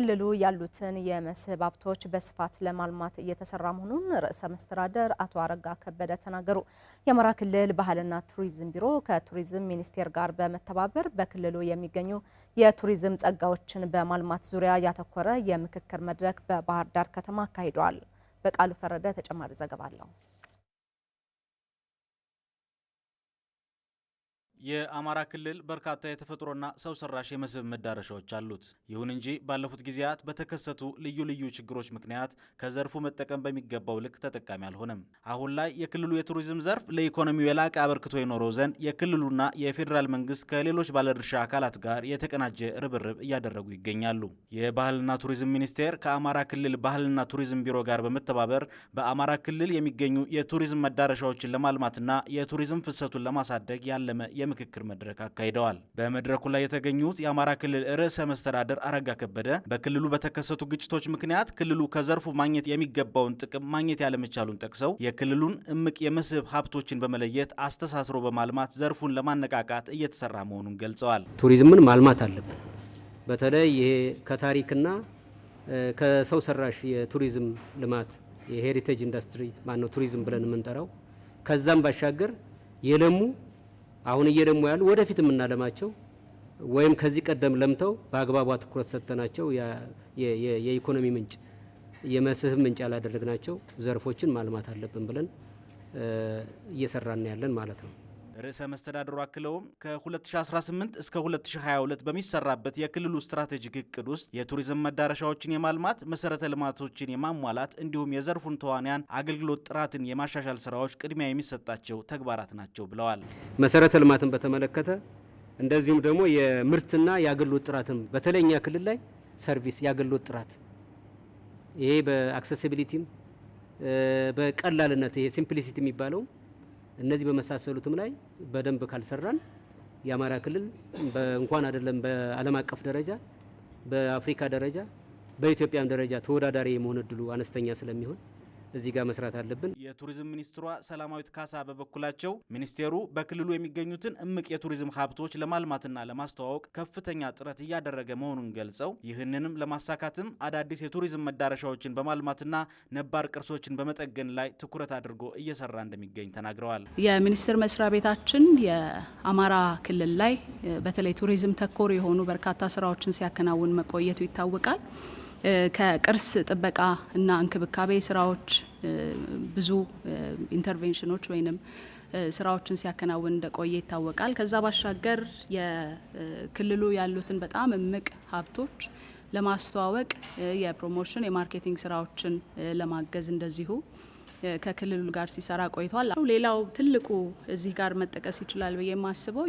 ክልሉ ያሉትን የመስህብ ሀብቶች በስፋት ለማልማት እየተሰራ መሆኑን ርዕሰ መስተዳደር አቶ አረጋ ከበደ ተናገሩ። የአማራ ክልል ባህልና ቱሪዝም ቢሮ ከቱሪዝም ሚኒስቴር ጋር በመተባበር በክልሉ የሚገኙ የቱሪዝም ጸጋዎችን በማልማት ዙሪያ ያተኮረ የምክክር መድረክ በባህር ዳር ከተማ አካሂደዋል። በቃሉ ፈረደ ተጨማሪ ዘገባ አለው። የአማራ ክልል በርካታ የተፈጥሮና ሰው ሰራሽ የመስህብ መዳረሻዎች አሉት። ይሁን እንጂ ባለፉት ጊዜያት በተከሰቱ ልዩ ልዩ ችግሮች ምክንያት ከዘርፉ መጠቀም በሚገባው ልክ ተጠቃሚ አልሆነም። አሁን ላይ የክልሉ የቱሪዝም ዘርፍ ለኢኮኖሚው የላቀ አበርክቶ የኖረው ዘንድ የክልሉና የፌዴራል መንግስት ከሌሎች ባለድርሻ አካላት ጋር የተቀናጀ ርብርብ እያደረጉ ይገኛሉ። የባህልና ቱሪዝም ሚኒስቴር ከአማራ ክልል ባህልና ቱሪዝም ቢሮ ጋር በመተባበር በአማራ ክልል የሚገኙ የቱሪዝም መዳረሻዎችን ለማልማትና የቱሪዝም ፍሰቱን ለማሳደግ ያለመ የምክክር መድረክ አካሂደዋል። በመድረኩ ላይ የተገኙት የአማራ ክልል ርዕሰ መስተዳደር አረጋ ከበደ በክልሉ በተከሰቱ ግጭቶች ምክንያት ክልሉ ከዘርፉ ማግኘት የሚገባውን ጥቅም ማግኘት ያለመቻሉን ጠቅሰው የክልሉን እምቅ የመስህብ ሀብቶችን በመለየት አስተሳስሮ በማልማት ዘርፉን ለማነቃቃት እየተሰራ መሆኑን ገልጸዋል። ቱሪዝምን ማልማት አለብን። በተለይ ይሄ ከታሪክና ከሰው ሰራሽ የቱሪዝም ልማት የሄሪቴጅ ኢንዱስትሪ ማነው ቱሪዝም ብለን የምንጠራው ከዛም ባሻገር የለሙ አሁን እየደሙ ያሉ ወደፊት የምናለማቸው ወይም ከዚህ ቀደም ለምተው በአግባቧ ትኩረት ሰጥተናቸው የኢኮኖሚ ምንጭ የመስህብ ምንጭ ያላደረግናቸው ዘርፎችን ማልማት አለብን ብለን እየሰራን ያለን ማለት ነው። ርዕሰ መስተዳድሩ አክለውም ከ2018 እስከ 2022 በሚሰራበት የክልሉ ስትራቴጂክ እቅድ ውስጥ የቱሪዝም መዳረሻዎችን የማልማት መሰረተ ልማቶችን የማሟላት እንዲሁም የዘርፉን ተዋንያን አገልግሎት ጥራትን የማሻሻል ስራዎች ቅድሚያ የሚሰጣቸው ተግባራት ናቸው ብለዋል። መሰረተ ልማትን በተመለከተ እንደዚሁም ደግሞ የምርትና የአገልግሎት ጥራትም በተለይ ክልል ላይ ሰርቪስ የአገልግሎት ጥራት ይሄ በአክሴሲቢሊቲም በቀላልነት ይሄ ሲምፕሊሲቲ የሚባለው እነዚህ በመሳሰሉትም ላይ በደንብ ካልሰራን የአማራ ክልል እንኳን አይደለም በዓለም አቀፍ ደረጃ በአፍሪካ ደረጃ በኢትዮጵያም ደረጃ ተወዳዳሪ የመሆን እድሉ አነስተኛ ስለሚሆን እዚህ ጋር መስራት አለብን። የቱሪዝም ሚኒስትሯ ሰላማዊት ካሳ በበኩላቸው ሚኒስቴሩ በክልሉ የሚገኙትን እምቅ የቱሪዝም ሀብቶች ለማልማትና ለማስተዋወቅ ከፍተኛ ጥረት እያደረገ መሆኑን ገልጸው ይህንንም ለማሳካትም አዳዲስ የቱሪዝም መዳረሻዎችን በማልማትና ነባር ቅርሶችን በመጠገን ላይ ትኩረት አድርጎ እየሰራ እንደሚገኝ ተናግረዋል። የሚኒስቴር መስሪያ ቤታችን የአማራ ክልል ላይ በተለይ ቱሪዝም ተኮር የሆኑ በርካታ ስራዎችን ሲያከናውን መቆየቱ ይታወቃል። ከቅርስ ጥበቃ እና እንክብካቤ ስራዎች ብዙ ኢንተርቬንሽኖች ወይንም ስራዎችን ሲያከናውን እንደቆየ ይታወቃል። ከዛ ባሻገር የክልሉ ያሉትን በጣም እምቅ ሀብቶች ለማስተዋወቅ የፕሮሞሽን የማርኬቲንግ ስራዎችን ለማገዝ እንደዚሁ ከክልሉ ጋር ሲሰራ ቆይቷል። ሌላው ትልቁ እዚህ ጋር መጠቀስ ይችላል ብዬ የማስበው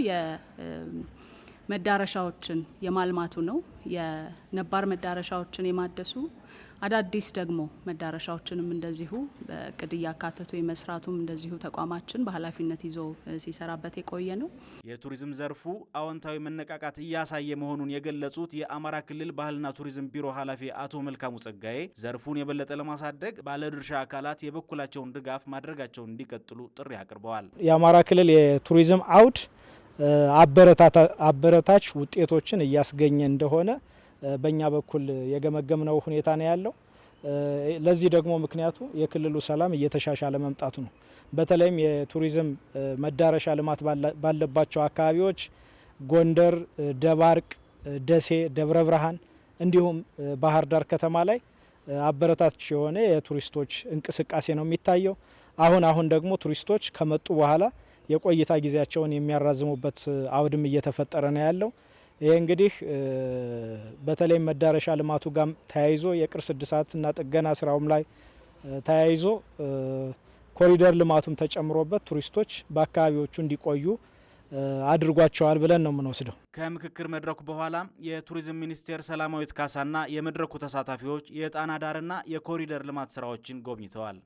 መዳረሻዎችን የማልማቱ ነው። የነባር መዳረሻዎችን የማደሱ አዳዲስ ደግሞ መዳረሻዎችንም እንደዚሁ በእቅድ እያካተቱ የመስራቱም እንደዚሁ ተቋማችን በኃላፊነት ይዞ ሲሰራበት የቆየ ነው። የቱሪዝም ዘርፉ አዎንታዊ መነቃቃት እያሳየ መሆኑን የገለጹት የአማራ ክልል ባህልና ቱሪዝም ቢሮ ኃላፊ አቶ መልካሙ ጸጋዬ ዘርፉን የበለጠ ለማሳደግ ባለድርሻ አካላት የበኩላቸውን ድጋፍ ማድረጋቸውን እንዲቀጥሉ ጥሪ አቅርበዋል። የአማራ ክልል የቱሪዝም አውድ አበረታች ውጤቶችን እያስገኘ እንደሆነ በእኛ በኩል የገመገምነው ሁኔታ ነው ያለው። ለዚህ ደግሞ ምክንያቱ የክልሉ ሰላም እየተሻሻለ መምጣቱ ነው። በተለይም የቱሪዝም መዳረሻ ልማት ባለባቸው አካባቢዎች ጎንደር፣ ደባርቅ፣ ደሴ፣ ደብረ ብርሃን እንዲሁም ባህር ዳር ከተማ ላይ አበረታች የሆነ የቱሪስቶች እንቅስቃሴ ነው የሚታየው። አሁን አሁን ደግሞ ቱሪስቶች ከመጡ በኋላ የቆይታ ጊዜያቸውን የሚያራዝሙበት አውድም እየተፈጠረ ነው ያለው። ይህ እንግዲህ በተለይም መዳረሻ ልማቱ ጋር ተያይዞ የቅርስ እድሳትና ጥገና ስራውም ላይ ተያይዞ ኮሪደር ልማቱም ተጨምሮበት ቱሪስቶች በአካባቢዎቹ እንዲቆዩ አድርጓቸዋል ብለን ነው የምንወስደው። ከምክክር መድረኩ በኋላ የቱሪዝም ሚኒስቴር ሰላማዊት ካሳና የመድረኩ ተሳታፊዎች የጣና ዳርና የኮሪደር ልማት ስራዎችን ጎብኝተዋል።